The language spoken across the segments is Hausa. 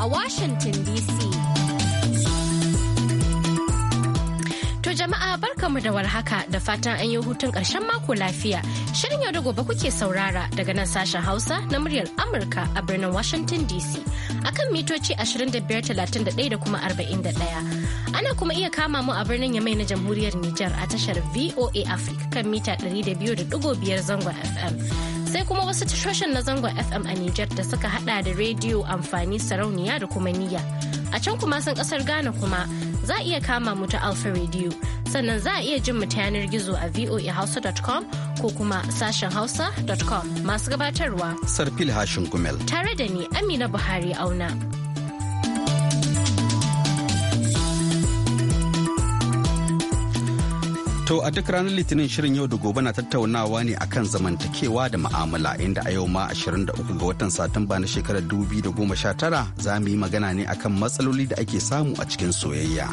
a Washington DC. To jama'a barkamu da warhaka da fatan an yi hutun ƙarshen mako lafiya. Shirin yau da gobe kuke saurara daga nan sashen Hausa na muryar Amurka a birnin Washington DC. Akan mitoci 2531 da kuma 41. Ana kuma iya kama mu a birnin Yamai na Jamhuriyar Nijar a tashar VOA Africa kan mita 200.5 zangon FM. sai kuma wasu tashoshin na zangon fm a Nijar da suka hada da rediyo amfani sarauniya da kuma niyya a can kuma sun kasar ghana kuma za a iya kama mu ta alfa radio sannan za a iya jin mu ta yanar gizo a voahausa.com ko kuma sashen hausa.com masu gabatarwa sarfil hashin gumel tare da ni amina buhari auna To a duk ranar Litinin shirin yau da gobe na tattaunawa ne akan zamantakewa da ma'amala inda a yau ma 23 ga watan Satumba na shekarar 2019 za mu yi magana ne akan matsaloli da ake samu a cikin soyayya.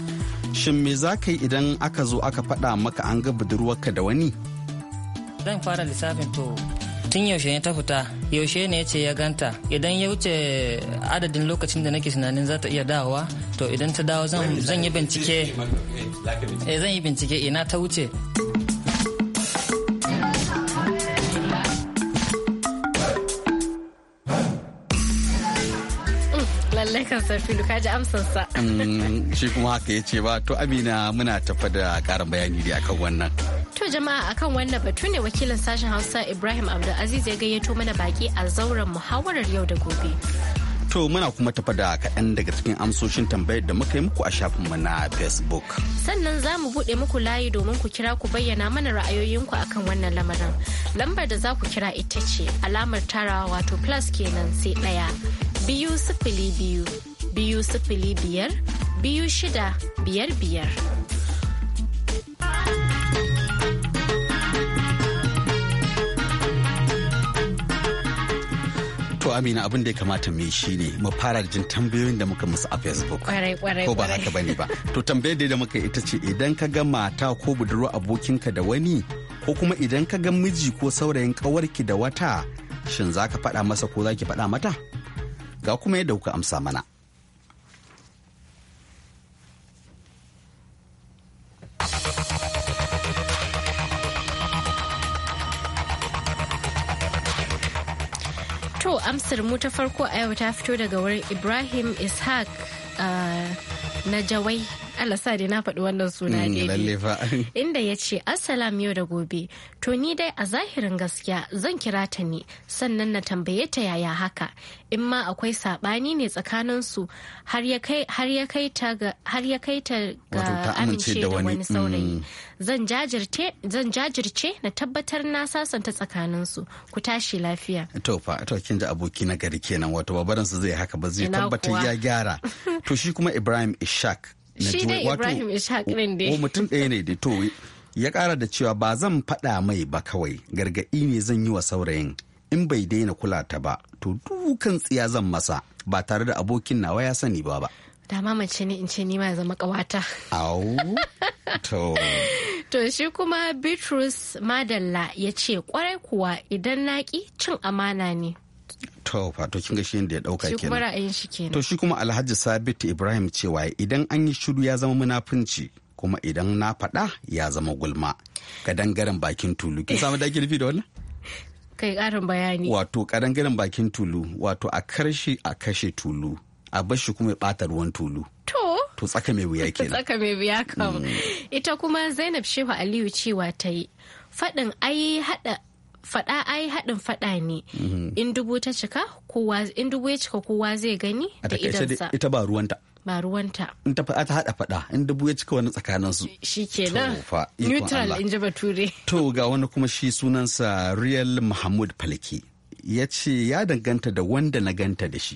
Shin me za ka yi idan aka zo aka faɗa maka an ga budurwarka da wani? Zan fara lissafin to tun yaushe ne ta fita yaushe ne ce ya ganta idan ya wuce adadin lokacin da nake tunanin za ta iya dawowa to idan ta dawo zan yi bincike ina ta wuce. kansa filu ka ji amsansa. Mm, shi kuma haka ya ce ba to Amina muna tafa da karin bayani da akan wannan. To jama'a akan wannan batu ne wakilin sashen Hausa Ibrahim Abdulaziz ya gayyato mana baki a zauren muhawarar yau da gobe. To muna kuma tafa da kaɗan daga cikin amsoshin tambayar da muka yi muku a shafinmu na Facebook. Sannan za mu buɗe muku layi domin ku kira ku bayyana mana ra'ayoyinku akan wannan lamarin. Lambar da za ku kira ita ce alamar tarawa wato plus kenan sai ɗaya. biyu sifili biyu biyu sifili biyar biyu shida biyar biyar. To Amina abin da ya kamata mu yi shine mu fara jin tambayoyin da muka musu a Facebook. Ko ba haka bane ba. To tambayar da muka ita ce idan ka ga mata ko budurwa abokinka da wani ko kuma idan ka ga miji ko saurayin kawarki da wata shin za ka faɗa masa ko za ki faɗa mata? ga kuma yadda kuka amsa mana. To amsar mu ta farko a yau ta fito daga wurin Ibrahim Ishaq uh, na Jawai Allah sa dai na faɗi wannan suna mm, daidai. Inda ya ce Assalam yau da gobe. To ni dai a zahirin gaskiya zan kira ta ne sannan na tambaye ta yaya haka. In ma akwai saɓani ne tsakanin su har ya kai ta ga amince da wani saurayi. Mm. Zan jajirce na tabbatar na sasanta tsakanin su ku tashi lafiya. To fa to kin ji aboki na gari kenan wato babaransu zai haka ba zai tabbatar ya gyara. To shi kuma Ibrahim Ishak shi dai ibrahim ishaq dai mutum ɗaya ne dai to ya ƙara da cewa ba zan faɗa mai ba kawai gargaɗi ne zan yi wa saurayin in bai daina kula ta ba to dukan tsiya zan masa ba tare da abokin nawa ya sani ba ba dama mace ne in ce ni ma zama kawata. Au, to. To shi kuma Bitrus Madalla ya ce kwarai kuwa idan naki cin amana ne. to fato kin ga shi yadda ya dauka kenan shi kuma ra'ayin shi kenan to shi kuma Alhaji Sabit Ibrahim cewa idan an yi shiru ya zama munafunci kuma idan na faɗa ya zama gulma ga dangaren bakin tulu kin samu da rufi da wannan kai ƙarin bayani wato ƙadangaren bakin tulu wato a karshe a kashe tulu a bashi kuma ya ɓata ruwan tulu to to tsaka mai wuya kenan tsaka mai wuya kam mm. ita kuma Zainab Shehu Aliyu cewa ta yi faɗin ai haɗa faɗa ai haɗin faɗa ne mhm. in dubu ta cika kowa in dubu ya cika kowa zai gani da idansa ita ba ruwanta ba ruwanta in ta faɗa ta haɗa faɗa in dubu ya cika wani tsakanin su shikenan neutral in ji bature to ga wani kuma shi sunansa real mahmud falki ya ce ya danganta da wanda na ganta da shi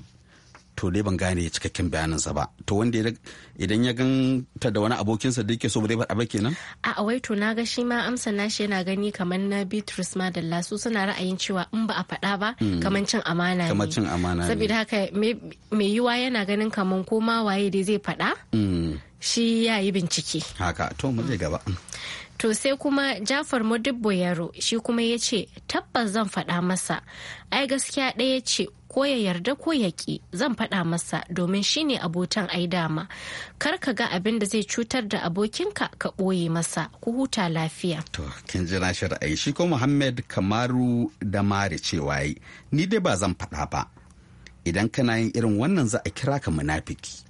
to dai ban gane cikakken bayaninsa ba to wanda idan ya ganta da wani abokinsa da yake so bai faɗa ba kenan a wai to na ga shi ma amsa nashi yana gani kamar na Bitrus Madalla su suna ra'ayin cewa in ba a faɗa ba hmm. kamar cin amana ne kamar cin amana ne saboda haka mai yiwa yana ganin kamar ko ma waye dai zai faɗa hmm. shi ya yi bincike haka to mu je gaba To sai kuma Jafar Modibbo Yaro shi kuma yace tabbas zan faɗa masa. Ai gaskiya ɗaya ce ko ya yarda ko ya ki zan faɗa masa domin shine abotan ai dama kar ka ga abin da zai cutar da abokinka ka ɓoye masa ku huta lafiya to kin ji na ra'ayi shi ko muhammad kamaru da mare cewa yi ni dai ba zan faɗa ba idan kana yin irin wannan za a kira ka munafiki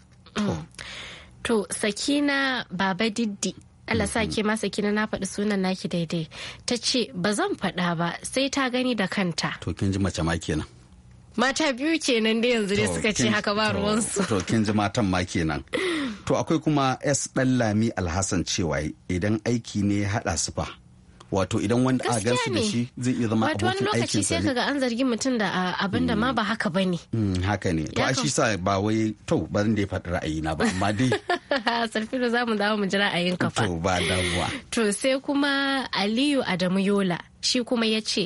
to mm. sakina baba diddi Allah sa ke masa kina na faɗi sunan naki daidai ta ce ba zan faɗa ba sai ta gani da kanta to kin ji mace ma kenan mata biyu kenan da yanzu ne suka ce haka ba ruwansu to kin ji matan ma kenan to akwai kuma s lami alhassan cewa idan aiki ne ya haɗa su fa wato idan wanda a gansu da shi zai iya zama abokin aikin wato wani lokaci sai kaga an zargi mutum da abin da ma mm. ba haka ba ne. Mm, haka ne to a shi sa ba wai to ba zan da ya faɗi ra'ayina ba amma dai sarfilo za mu dawo mu ji ra'ayin ka fa to ba damuwa to sai kuma aliyu adamu yola shi kuma ya ce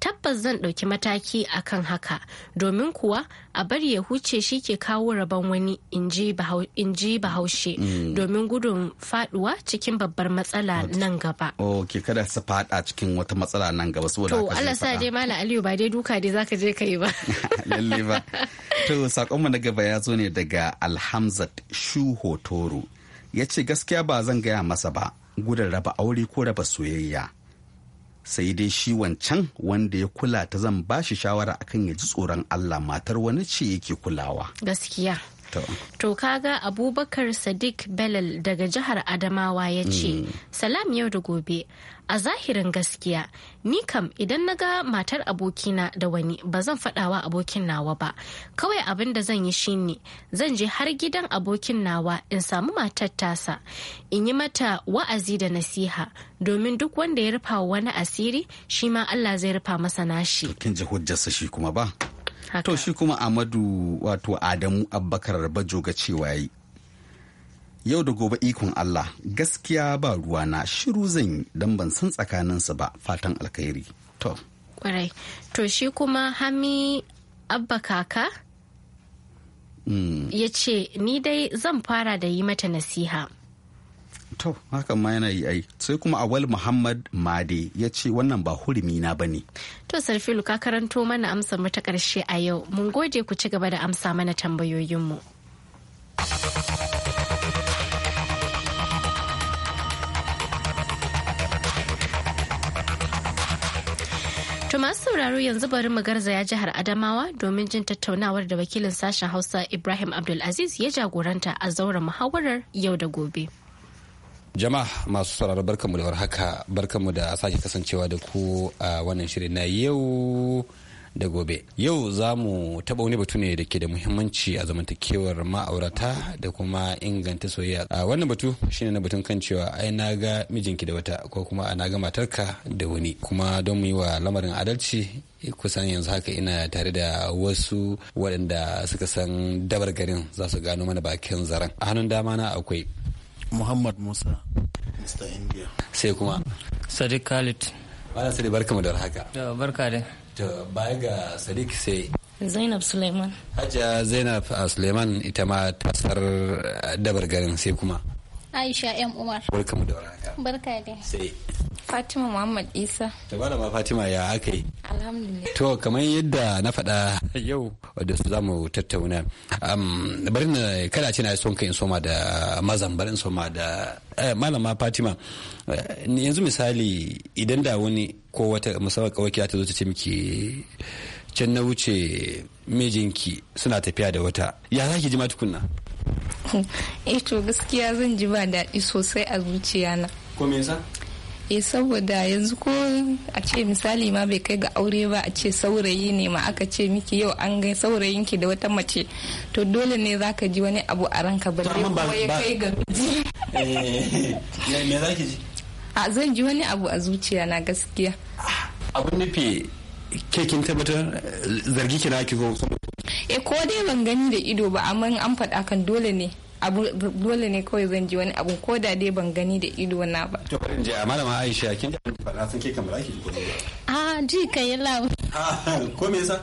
tabbas zan ɗauki mataki a kan haka domin kuwa a bari ya huce shi ke kawo rabon wani in ji bahaushe mm. domin gudun faduwa cikin babbar matsala nan gaba. ok kada su fada cikin wata matsala nan gaba saboda to Allah sa dai mala aliyu ba dai duka dai zaka je kai ba lalle ba to sakon mu na gaba ya zo ne daga alhamzat shuho toro ya ce gaskiya ba zan gaya masa ba gudun raba aure ko raba soyayya sai dai shi wancan wanda ya kula ta zan ba shi shawara akan ya ji tsoron Allah matar wani ce yake kulawa gaskiya To kaga Abubakar Sadiq Belal daga jihar Adamawa ya ce, mm. Salam yau da gobe, a zahirin gaskiya, ni kam idan na ga matar abokina da wani ba zan faɗawa abokin nawa ba. Kawai abin da zan yi shine zan je har gidan abokin nawa in samu matar tasa, in yi mata wa'azi da nasiha domin duk wanda ya rufa wani asiri shi ma Allah zai rufa masa nashi. shi to shi kuma amadu wato adamu abbakar bajoga cewa yi yau da gobe ikon allah gaskiya ba ruwa na shiru zan yi don ban san tsakaninsu ba fatan alkhairi to kwarai to shi kuma hami abba mm. ya ce ni dai zan fara da yi mata nasiha to hakan ma yana yi ai sai kuma awal muhammad made ya ce wannan ba hurumi na ba ne to sarfilu ka karanto mana amsar mu ta karshe a yau mun gode ku ci gaba da amsa mana tambayoyinmu To masu sauraro yanzu bari mu garzaya jihar Adamawa domin jin tattaunawar da wakilin sashen Hausa Ibrahim Abdulaziz ya jagoranta a zauren muhawarar yau da gobe. jama'a masu sauraro barkanmu da warhaka barkanmu da sake kasancewa da ku a wannan shirin na yau da gobe yau za mu taɓa wani batu ne da ke da muhimmanci a zamantakewar ma'aurata da kuma inganta soyayya a wannan batu shine na batun kan cewa ai na ga mijinki da wata ko kuma na ga matarka da wani kuma don mu yi wa lamarin adalci kusan yanzu haka ina tare da wasu waɗanda suka san dabar garin za su gano mana bakin zaren a hannun dama na akwai Muhammad Musa Mr. India. Sai kuma. Sadiq Khalid. Bala Sadiq barka mu da haka. Barka dai. To baya ga Sadiq sai. Zainab Suleiman. Hajiya Zainab ah, Suleiman ita ma tasar ah, dabar garin sai kuma. Aisha M Umar. Barka mu da haka. Barka dai. Sai. Fatima Muhammad Isa. Tabara ma Fatima ya aka yi. Alhamdulillah. To kamar yadda na faɗa yau wadda su za mu tattauna. bari na kada ce na son ka in soma da mazan bari in soma da eh, malama Fatima. Eh, yanzu misali idan da wani ko wata musamman kawai ta zo ta ce miki can na wuce mijinki suna tafiya da wata ya za ki ji matukunna. Eh to gaskiya zan ji ba daɗi sosai a zuciyana. Ko me yasa? e saboda yanzu ko a ce misali ma bai kai ga aure ba a ce saurayi ne ma aka ce miki yau an ga saurayin ki da wata mace to dole ne za ka ji wani abu a ranka ba kuma ya kai ga miji eh, me zaki ji a zan ji wani abu a zuciya na gaskiya abu nufi ke kin tabbatar eh, zargi kina ki ko eh ko dai ban gani da ido ba amma an faɗa kan dole ne abu dole ne kawai zan ji wani abu ko da dai ban gani da ido na ba to bari je malama Aisha kin ji fara sun ke kamar ake ko a ji kai lawo ah, ko me yasa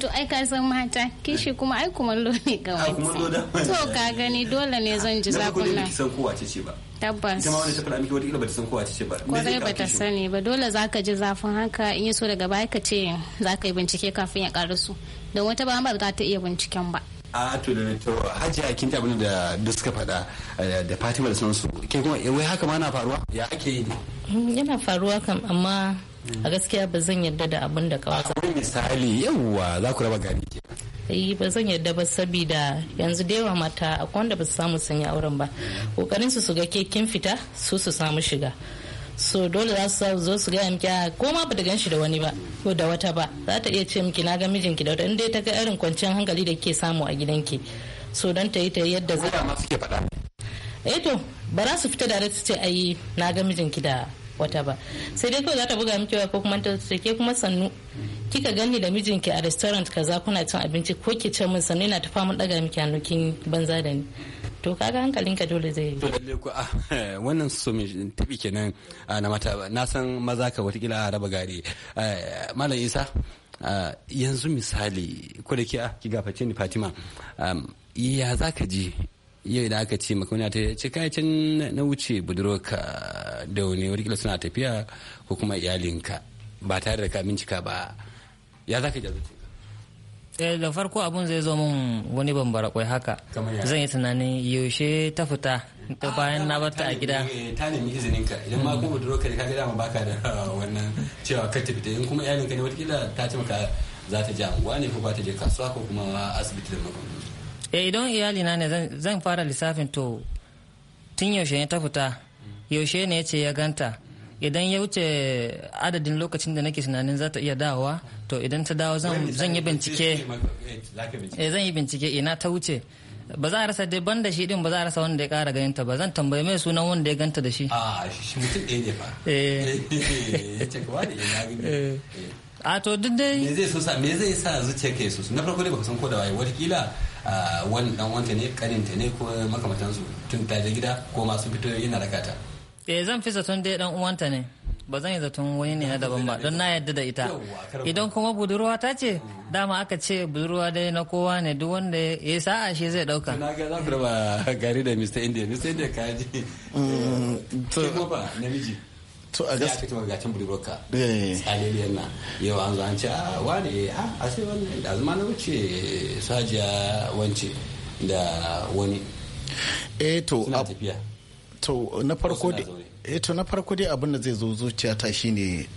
to ai ka san mata kishi kuma ai kumallo ne wani. a ah, kumallo da to ka gani dole ne zan ji zakun nan san ko wace ce ba tabbas ita ma wani ta fara miki wata kila bata san ko wace ce ba kwarai bata sani ba dole zaka ji zafin haka in yaso daga baya ka ce zaka yi bincike kafin ya karasu don wata ba ba za ta iya binciken ba a to da to hajji a ta abin da duk suka faɗa eh, da Fatima da sansu ke kuma eh, wai haka ma na faruwa ya ake yi mm, yana faruwa kan amma a gaskiya ba zan yarda da abin da kawai akwai misali yawwa za ku raba gari ke eh ba zan yarda ba saboda yanzu da yawa mata akwai wanda ba su samu sanya auren ba kokarin su su ga ke kin fita su su samu shiga so dole za su zo su gaya miki ah, ko koma ba ta gan shi da wani ba ko da wata ba za ta iya ce miki na ga mijinki da wata inda ta ga irin kwanciyar hankali da kike samu a gidanki so don ta yi ta yadda za ma suke eh ba za su fita da su ce ai na ga mijinki da wata ba sai dai kawai za ta buga miki ko kuma ta ce ke kuma sannu kika gani da mijinki a restaurant kaza kuna cin abinci ko ki ce min sannu yana ta famun daga miki hannu kin banza da ni to kaga hankalinka dole zai yi to lalle ku ah, wannan su mai tabi kenan ah, na mata na san maza ka watakila raba gari eh, malam isa ah, yanzu misali ko da ke a ki gaface ni fatima ya za ka ji yau da aka ce maka wani ta ce kayacin na wuce budurwarka da wani watakila suna tafiya ko kuma iyalinka ba tare da ka bincika ba ya za ka ji Eh, da farko abun zai zo min wani bambara kwai haka zan yi tunanin yaushe ta fita ta bayan na bata a gida ah, ta nemi izinin ka idan ma ko budurwar ka ka gida ma baka da wannan cewa ka tafi in kuma iyalin ka ne watakila ta ce maka za ta ja wa ne ko ba ta je kasuwa ko kuma asibiti da makamantansu eh idan iyalina ne zan fara lissafin to tun yaushe ne ta fita yaushe ne ya ce ya ganta idan ya wuce adadin lokacin da nake tunanin za ta iya dawowa to idan ta dawo zan yi eh, bincike eh zan yi bincike ina ta wuce ba za a rasa dai ban da shi din ba za a rasa wanda ya kara ganin ta ba zan tambaye mai sunan wanda ya ganta da shi a ah, shi mutum ɗaya ne fa eh. Eh, eh a to duk dai me zai so sa me zai sa zuciya ke so na farko ne ba san ko da waye watakila ah, wani dan wanta ne kaninta ne ko su tun ta gida ko masu fito yana rakata eh zan fi zaton dai dan uwanta ne ba zan yi zaton wani ne na daban ba don na yadda da ita idan kuma budurwa ta ce dama aka ce budurwa dai na kowa ne duk wanda ya sa'a shi zai dauka na ga za ku raba gari da Mr. India Mr. India ka ji mm, to ba namiji to a gaskiya fito ga can budurwarka eh. tsaliliyar na yau an zo an ce a ah, wane a ah, sai wani azuma na wuce sajiya wance da wani eh to to na farko Eh, to na farko dai abin da zai zo zuciyata shine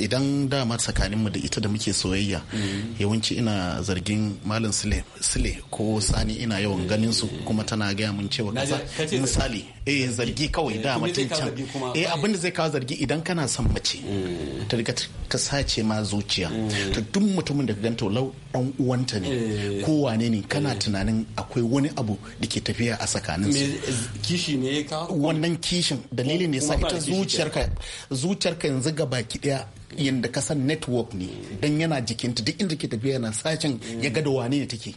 idan dama tsakaninmu da ita da muke soyayya mm. yawanci ina zargin malam sile ko sani ina yawan eh. ganin su kuma tana gaya mun cewa kaza misali eh zargi kawai eh, da mutum can eh abin da zai kawo zargi idan kana son mace mm. ta riga ta sace ma zuciya mm. Ta duk mutumin da ganta lau dan uwanta ne eh. ko wane ne kana tunanin akwai wani abu da ke tafiya a tsakanin su kishi ne ka wannan kishin dalilin ne sa ita zuciyarka zuciyarka yanzu gaba ki daya yadda kasan network ne don yana jikinta duk inda ke tafiya yana sashen ya ga da wane ne take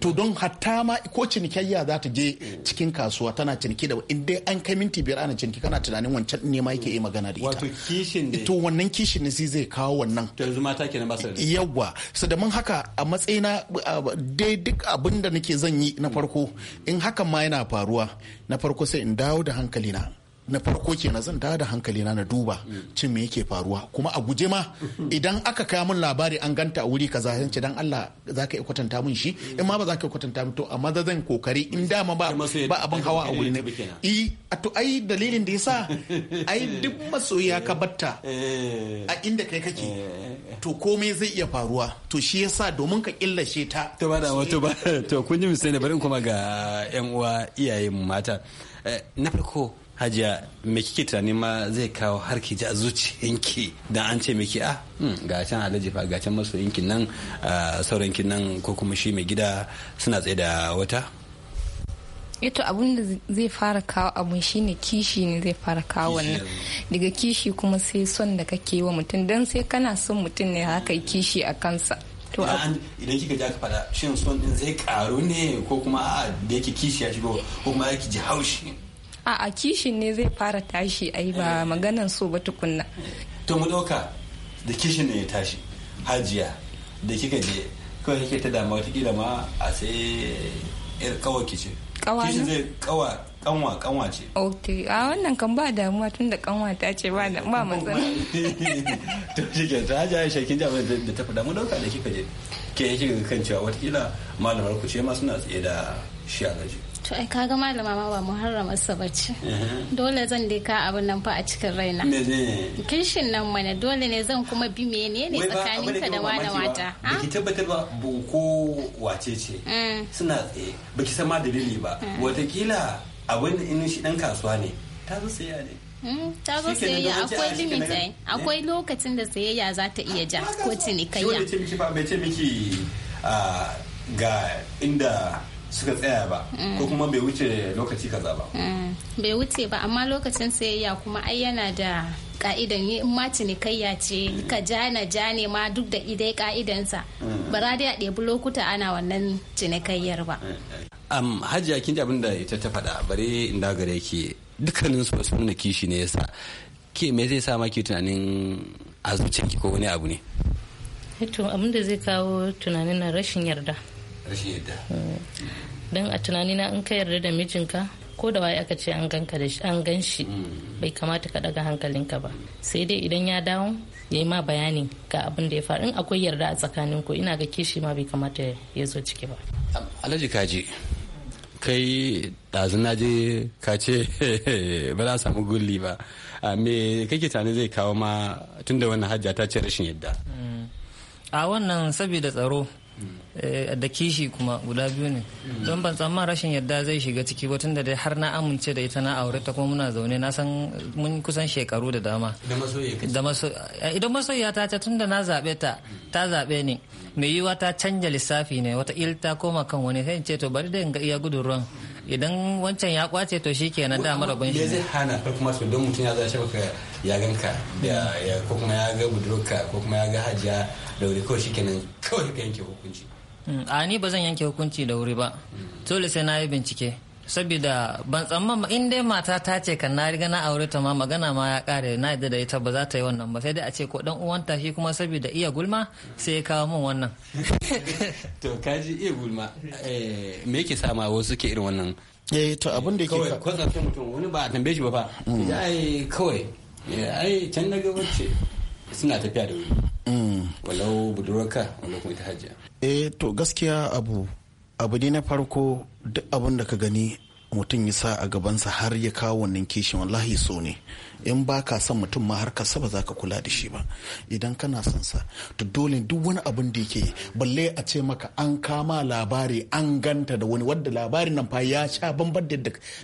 to don hatta ma ko cinikayya za ta je cikin kasuwa tana ciniki da in dai an kai minti biyar ana ciniki kana tunanin wancan ne ma yake yi magana da ita wato kishin ne to wannan kishin ne sai zai kawo wannan to yanzu mata kenan ba su da yawa su da mun haka a matsayina dai duk abin da nake zan yi na farko in hakan ma yana faruwa na farko sai in dawo da hankalina na farko kenan zan da hankali na na duba cin me yake faruwa kuma a guje ma idan aka kawo mun labari an ganta a wuri kaza zan ce dan Allah za ka kwatanta mun shi in ma ba za ka kwatanta mun? to amma zan kokari in dama ba ba abin hawa a wuri ne i a to ai dalilin da yasa ai duk masoyiya ka batta eh. a inda kai kake eh. to komai zai iya faruwa to shi yasa domin ka killace ta to ba da wato ba to kun ji ne bari in kuma ga yan uwa iyayen mata eh, na farko hajiya me kike tunanin ma zai kawo har ki ji a zuciyanki dan an ce miki ah hmm, ga can alhaji fa ga can yankin nan sauranki nan ko kuma shi mai gida suna tsaye da wata ito eh abun da zai fara kawo abun shine kishi ne zai fara kawo wannan daga kishi kuma sai son da kake wa mutum dan sai kana son mutum ne haka kishi a kansa to idan kika ji aka fada shin son din zai karu ne ko kuma a da yake kishi ya shigo ko kuma yake ji haushi a'a kishin ne zai fara tashi ai ba maganan so ba tukunna to mu ɗauka da kishin ne ya tashi hajiya da kika je kawai kike ta damuwa kila ma a sai yar kawa kice kishin zai kawa kanwa kanwa ce ok a wannan kan ba damuwa tun da kanwa ta ce ba da ba matsala to shi ke ta hajiya shi kin jami'a da ta fada mu dauka da kika je ke yake kan cewa watakila malamar ku ce ma suna tsaye da shi a gaji to ai kaga malama ma ba muharrama sa bace dole zan dai ka abin nan fa a cikin raina kishin nan mana dole ne zan kuma bi menene tsakanin ka da wani wata ki tabbatar ba ko wace ce mm. suna tsaye baki sama dalili ba mm. watakila abin in shi dan kasuwa ne ta zo saya ne mm, ta zo sayayya akwai limit akwai eh? lokacin da sayayya za ta iya ja ko cinikayya shi wanda ce miki ba bai ce miki ah, ga inda suka tsaya ba ko kuma bai wuce lokaci kaza ba bai wuce ba amma lokacin sayayya kuma ai yana da ka'idan in ma cinikayya ce ka ja na ja ne ma duk da idai ka'idansa ba za dai a ɗebi lokuta ana wannan cinikayyar ba am hajiya kin abin da ita ta faɗa bare in dagare ke dukkanin su basu nuna kishi ne yasa ke me zai sa maki tunanin a zuciyarki ko wani abu ne eh, to abin da zai kawo tunanin na rashin yarda rashin dan a tunani na in ka yarda da mijinka ko da waye aka ce an ganka da shi an gan shi mm. bai kamata ka daga hankalinka ba sai dai idan ya dawo ya yi ma bayani ga abin da ya faru in akwai yarda a tsakanin ku ina ga kishi ma bai kamata ya zo ciki ba alhaji kaji kai dazu na je ka ce ba za samu gulli ba me kake tani zai kawo ma tunda wannan hajja ta ce rashin yadda mm. a wannan saboda tsaro Eh, da kishi kuma guda biyu ne don ban tsamma rashin yadda zai shiga ciki ba tunda dai har na amince da ita na aure ta kuma muna zaune na san mun kusan shekaru da dama eh, idan masoyiya ta tun tunda na zaɓe ta ta zaɓe ne mai yiwa ta canja lissafi ne wata il ta koma kan wani sai ce to bari da in ga iya gudun ruwan idan wancan ya kwace to shi kenan dama abin shi zai hana ko kuma su don mutum ya zai shafa ya ganka ko kuma ya ga budurka ko kuma ya ga hajiya da wuri kawai shi kenan kawai ka yanke hukunci mm, a ni ba zan yanke hukunci da wuri ba mm. dole sai na yi bincike saboda ban tsamman in dai mata ta ce kan na riga na aure ta ma magana ma ya kare na yadda da ita ba za ta yi wannan ba sai dai a ce ko dan uwanta shi kuma saboda iya gulma sai ya kawo min wannan to kaji iya gulma eh, me yake sa ma wasu ke irin wannan eh to abin da yake kawai ko mutum wani ba a tambaye shi ba fa mm. ai kawai ai can na gabace suna tafiya da wuri mm. walau budurarka walau kuma ita hajiya eh to gaskiya abu abu ne na farko duk abin da ka gani mutum ya sa a gabansa har ya kawo wannan kishin wallahi so ne in ba ka son mutum ma har ka saba za ka kula da shi ba idan kana son sa to dole duk wani abin da yake balle a ce maka an kama labari an ganta da wani wadda labarin nan fa ya sha bambar da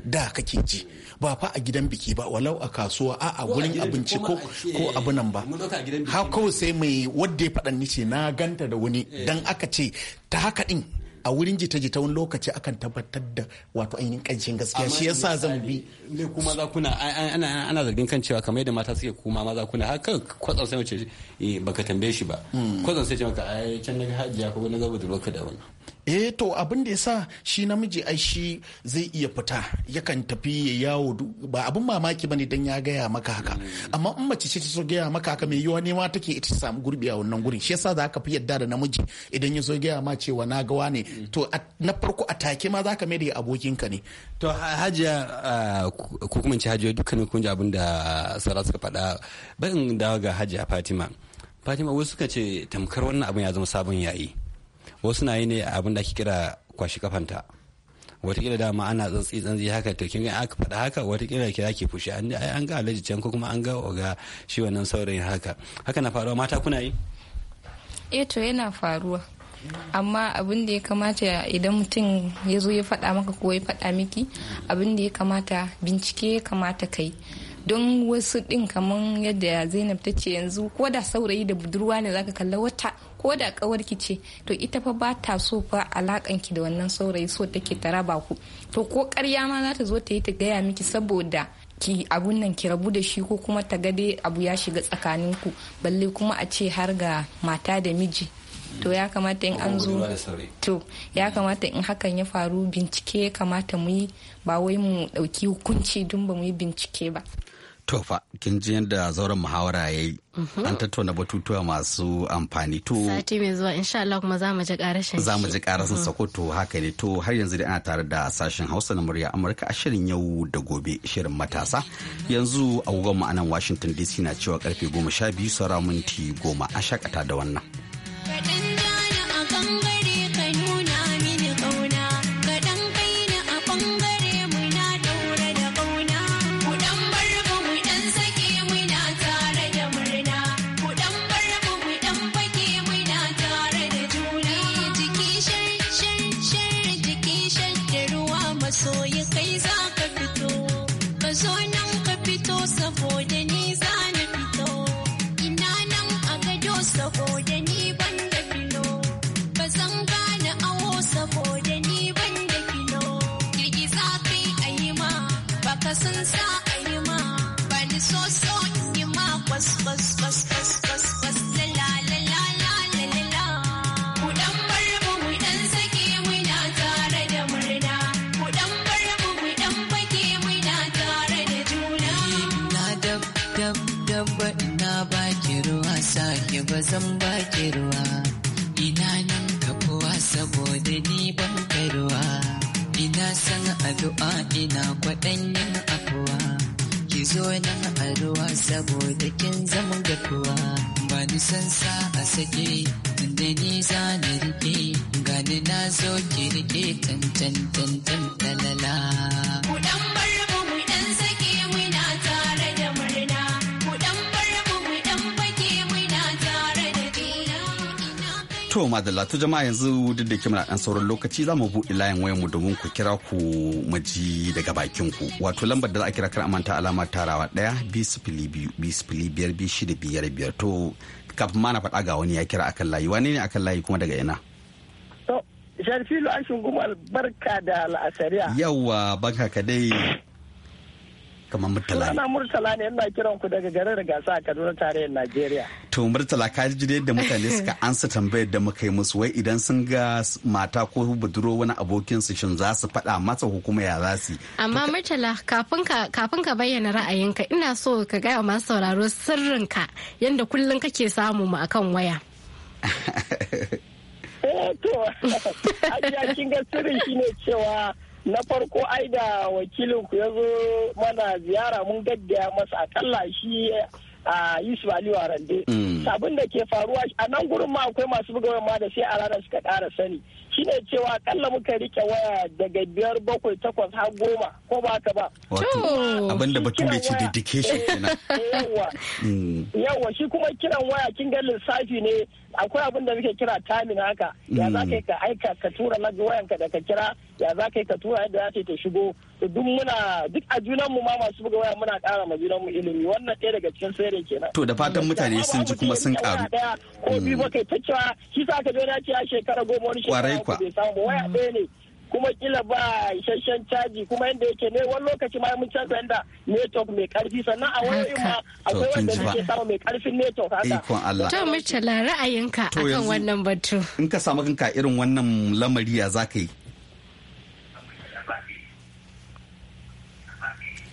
da kake ji ba fa a gidan biki ba walau a kasuwa a a gurin abinci ko ko abu nan ba ha kawai sai mai wadda ya faɗan ni ce na ganta da wani eh. dan aka ce ta haka din a wurin jita-jita wani lokaci akan tabbatar da wato ainihin kanshin gaskiya shi yasa zan bi ne kuma za kuna ana zargin kan cewa kamar yadda mata suke kuma maza kuna haka kwatsan sai mace eh, ka tambaye shi ba hmm. kwatsan sai ce maka ai can na hajiya ko na gaba da ka da wani eh to abin da yasa shi namiji ai shi zai iya fita yakan tafi ya yawo ba abin mamaki bane dan ya gaya maka haka amma in mace ce ta so gaya maka haka mai yiwa ne ma take ita ta samu gurbi a wannan gurin shi yasa zaka fi yadda da namiji idan ya so gaya ma cewa na gawa ne to na farko a take ma zaka mai da abokin ka ne to hajiya ko kuma ce hajiya dukkanin kun ji abin da sara suka faɗa bayan dawo ga hajiya fatima fatima wasu suka ce tamkar wannan abin ya zama sabon yayi wasu na yi ne abin da ake kira kwashi kafanta watakila dama ana tsantsi tsantsi haka to kin aka faɗa haka watakila kira ke fushi an an ga alhaji can ko kuma an ga oga shi wannan saurayin haka haka na faruwa mata kuna yi eh to yana faruwa amma abin da ya kamata idan mutum ya zo ya faɗa maka ko ya faɗa miki abin da ya kamata bincike ya kamata kai don wasu ɗin kamar yadda zainab ta ce yanzu ko da saurayi da budurwa ne zaka kalla wata ko da ƙawarki ce to ita fa ba ta so fa alakanki da wannan saurayi so take ta raba ku to ko karya ma za ta zo ta yi ta gaya miki saboda ki abun nan ki rabu da shi ko kuma ta ga dai abu ya shiga tsakanin ku balle kuma a ce har ga mata da miji to ya kamata in an zo to ya kamata in hakan ya faru bincike ya kamata mu yi ba wai mu dauki hukunci dun ba mu yi bincike ba tofa kin ji yadda zauren muhawara ya yi mhm. an tattauna batutuwa masu amfani to sati mai zuwa insha Allah kuma za mu ji karashin za mu ji karashin mhm. sakoto haka ne to har yanzu da ana tare da sashen Hausa na murya Amurka a shirin yau da gobe shirin matasa yanzu agogon mu a Washington DC na cewa karfe 12 saura minti 10 a shakata da wannan ne ba zan baki ruwa ina nan kuwa saboda ni ban kai ruwa ina san addu'a ina kwaɗanyen afuwa ki zo nan a ruwa saboda kin zama gafuwa ba ni san sa a sake tunda ni za na rike gani na zo ki rike tantan tantan talala. Kudan bari To madalla to jama'a yanzu duk da ke muna dan sauran lokaci za mu buɗe layin mu domin ku kira ku mu ji daga bakin ku. Wato lambar da za a kira kar amanta alama tarawa 1 bi sifili biyu biyar shida biyar biyar to kafin ma na faɗa ga wani ya kira akan layi wani ne akan layi kuma daga ina. To Sharfilu an Gumal albarka da al'asariya Yawwa barka ka dai. kamar murtala ne. murtala ne ina kiran ku daga garin gasa a Kaduna tarayyar Najeriya. To murtala ka ji da mutane suka ansa tambayar da muka yi musu wai idan sun ga mata ko buduro wani abokin su shin za su faɗa masa hukuma ya za su. Amma murtala kafin ka kafin ka bayyana ra'ayinka ina so ka gaya masu sauraro sirrinka yadda kullum kake samu mu akan waya. Eh to, a cikin shi shine cewa na farko ai da wakilin ku ya zo mana ziyara mun gaggaya masa akalla shi a Yusuf Aliyu Arande. Mm. Abin da ke faruwa a nan gurin ma akwai masu buga ma da sai a ranar suka kara sani. shine cewa akalla muka rike waya daga biyar bakwai takwas har goma ko ba ka ba. da abinda bature ce dedication kenan. Eh, yawwa. Mm. Yawwa shi kuma kiran waya kin ga lissafi ne akwai abin da muke kira tamin haka ya za ka ka aika ka tura na wayanka da ka kira ya za ka ka tura yadda za ta shigo duk muna duk a junan mu ma masu buga waya muna ƙara ma junan mu ilimi wannan ɗaya daga cikin sirrin kenan to da fatan mutane sun ji kuma sun karu ko bi ba mm. kai ta cewa shi sa ka zo na ce shekara goma wani shekara kwa. waya ɗaya ne kuma kila ba isasshen caji kuma yadda yake ne wani lokaci ma mun canza yadda network mai karfi sannan a wayoyin ma akwai wanda suke samu mai karfin network haka ikon Allah to mutala ra'ayinka akan wannan batu in ka samu kanka irin wannan lamari ya zaka yi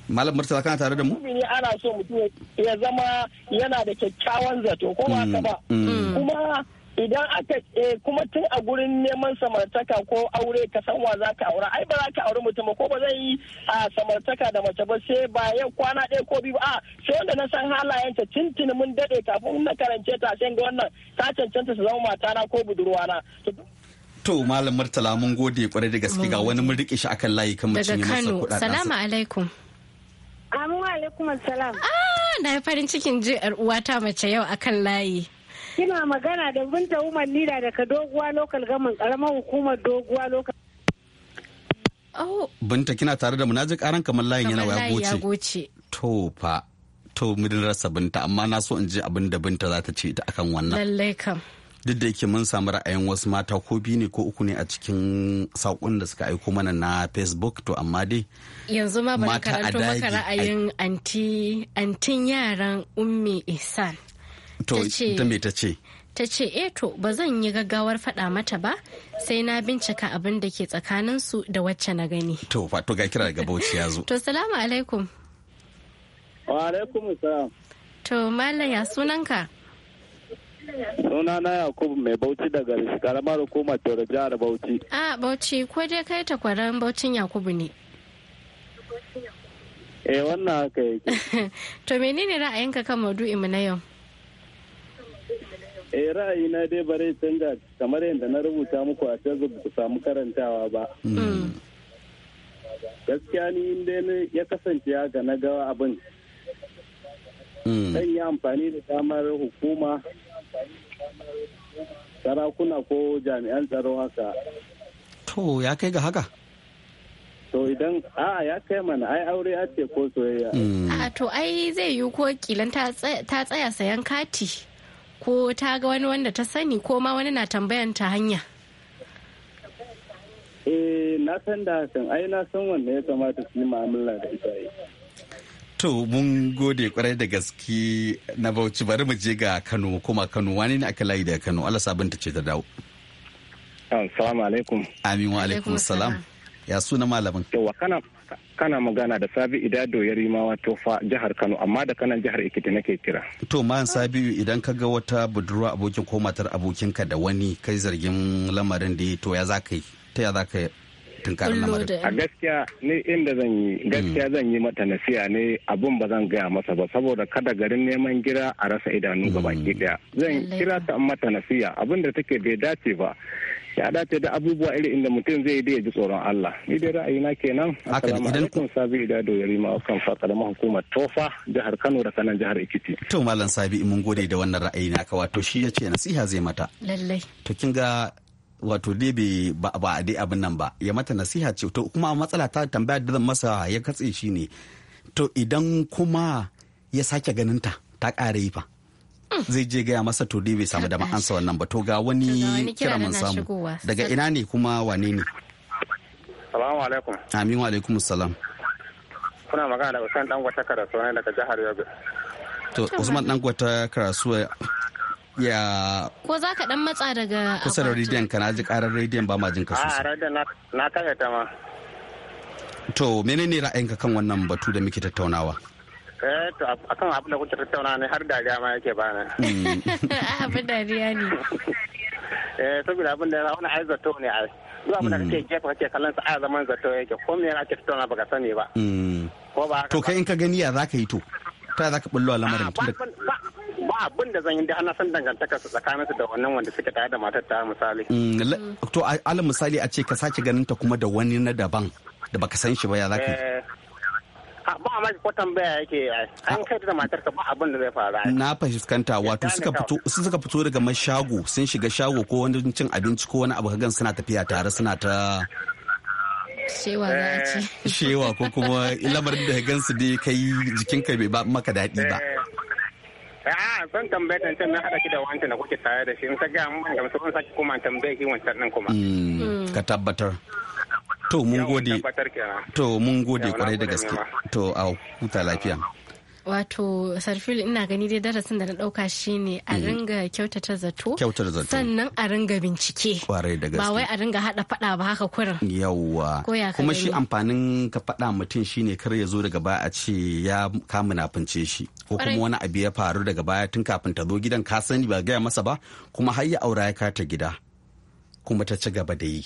Malam Murtala kana tare da mu? Mumini ana so mutum ya zama yana da kyakkyawan zato ko ba ka ba. Mm, mm. Kuma idan aka eh, kuma tun a gurin neman samartaka ko aure ka san wa za ka aura ai ba za ka aure mutum ko ba zan yi a samartaka da mace ba sai ba yau kwana ɗaya ko biyu a sai wanda na san halayenta tuntuni mun daɗe kafin na karance ta sai ga wannan ta cancanta su zama matana ko budurwana. To Malam Murtala mun gode kwarai da gaske ga wani mun rike shi akan layi kan ne ya masa kuɗaɗen. Salamu alaikum. Amma alaikum assalam. Ah na farin cikin ji uwata mace yau akan layi. Kina magana da binta Umar Lida daga doguwa lokal gaman karamar hukumar doguwa lokal. Oh. Binta kina tare da munaji karan kamar layin yana ya goce. To fa to midin rasa binta amma na so in ji abin da binta za ta ce ita akan wannan. Lallai kam. duk da yake mun samu ra'ayin wasu mata ko biyu ne ko uku ne a cikin saƙon da suka aiko mana na facebook to amma dai yanzu ma bari karanto maka ra'ayin antin yaran ummi ihsan To, ta me ta ce? ta ce e to ba zan yi gaggawar faɗa mata ba sai na bincika abin da ke tsakanin su da wacce na gani to fato ga kira daga bauchi ya zo to salamu alaikum wa alaikum salam to malam ya sunanka sunana yakubu mai bauchi daga karamar hukumar tura jihar bauchi a bauchi ko dai kai kwaran baucin yakubu ne eh wannan haka yake to menene ra'ayinka kan maudu'in mu na yau eh ra'ayina dai bare canza kamar yadda na rubuta muku a canza ku samu karantawa ba mm. gaskiya ni inda ya kasance ga na ga abin mm. zan yi amfani da damar hukuma sarakuna ko jami'an tsaro haka to ya kai ga haka to idan a ya kai mana ai aure ya ce ko soyayya mm. a to ai zai yi ko kilan ta tsaya sayan kati ko ta ga wani wanda ta sani ko ma wani na tambayan ta hanya eh na san da hakan ai na san wanda ya kamata su yi ma'amala da ita to mun gode kwarai da gaske na bauchi bari mu je ga kano kuma kano wani ne aka layi da kano allah sabunta ce ta dawo assalamu alaikum amin wa alaikum salam ya suna malamin yawa kana kana magana da sabi do ya rimawa wato fa jihar kano amma da kanan jihar ikiti nake kira to man sabi idan ka ga wata budurwa abokin ko matar ka da wani kai zargin lamarin da to ya za ka yi ta ya za ka yi lamarin a gaskiya ne inda zan yi mm. gaskiya zan yi mata nasiya ne abun ba zan gaya masa ba saboda kada garin neman gira a rasa idanu gaba ki mm. daya zan kira ta mata nasiya abun da take bai dace ba ya dace da abubuwa iri inda mutum zai ya ji tsoron Allah ni dai ra'ayi na kenan assalamu kun sabi da doyari ma kan fakalama hukumar tofa jihar Kano da kanan jihar Ekiti to malam sabi mun gode da wannan ra'ayi naka wato shi yace nasiha zai mata lallai to kin ga wato dai bai ba a dai abin nan ba ya mata nasiha ce to kuma matsala ta tambaya da zan masa ya katse shi ne to idan kuma ya sake ganin ta ta ƙara yi fa zai je gaya masa to dai bai samu dama ansa wannan ba to ga wani kira mun samu daga ina ne kuma wane ne salamu alaikum amin wa alaikum salam kuna magana da usman dan gwata karasu ne daga jihar yobe to usman dan gwata karasu ya ko za ka dan matsa daga kusa da rediyon ka na ji karar rediyon ba ma jin ka sosai a rediyon na kashe ta ma to menene ra'ayinka kan wannan batu da muke tattaunawa Eh, to akan abin da kuka tattauna ne har dariya ma yake bana. Abin dariya ne. Eh, saboda abin da wani ai zato ne ai. Duk abin da kake jefa mm. kake kallon sa a zaman zato yake ko me ake tattauna baka sani ba. Mm. Ko ba To kai in ka gani ya zaka yi to. Ta zaka bullo a lamarin mutum ah, da ba abin da zan yi da ana san dangantaka su tsakaninsu da wannan wanda suke tare da matar ta misali. Mm, to alal misali a ce ka sake ganin ta kuma da wani na daban da baka san shi ba ya zaka yi. Eh, ba ko tambaya yake na fahimta wato suka fito daga fito daga mashago sun shiga shago ko wani cin abinci ko wani abu kagan suna tafiya tare suna ta shewa a ce shewa ko kuma lamarin da gansu dai kai jikinka bai ba maka daɗi ba eh, ta na haɗa ki da wancan da kuke Ka tabbatar. to mun gode to mun gode kwarai da gaske to a huta lafiya wato sarfil ina gani dai darasin da na dauka shine a mm-hmm. ringa kyautata zato Kyautata zato sannan a ringa bincike kwarai da gaske ba wai a ringa haɗa faɗa ba haka kurin yawwa kuma shi amfanin ka fada mutum shine kar ya zo daga baya a ce ya na fince shi ko kuma wani abu ya faru daga baya tun kafin ta zo gidan ka sani ba gaya masa ba kuma har ya aura ya kata gida kuma ta ci gaba da yi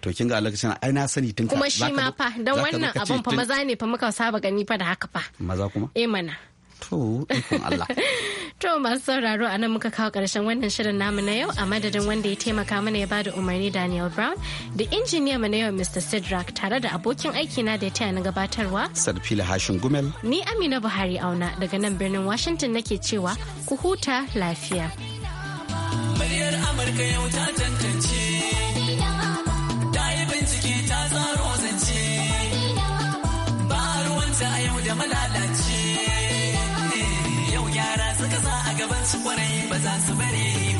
to kin ga a lokacin ai na sani tun kuma shi ma fa dan wannan abun fa maza ne fa muka saba gani fa da haka fa maza kuma eh mana to ikon Allah To masu sauraro a nan muka kawo ƙarshen wannan shirin namu na yau a madadin wanda ya taimaka mana ya bada umarni Daniel Brown da injiniya mu na yau Mr. Sidrak tare da abokin aiki na da ya taya na gabatarwa. Sarfila Hashin Gumel. Ni Amina Buhari Auna daga nan birnin Washington nake cewa ku huta lafiya. Muryar Amurka yau ta tantance. da malalace eh, yau yara suka sa a gaban su kwarai ba za su bare ba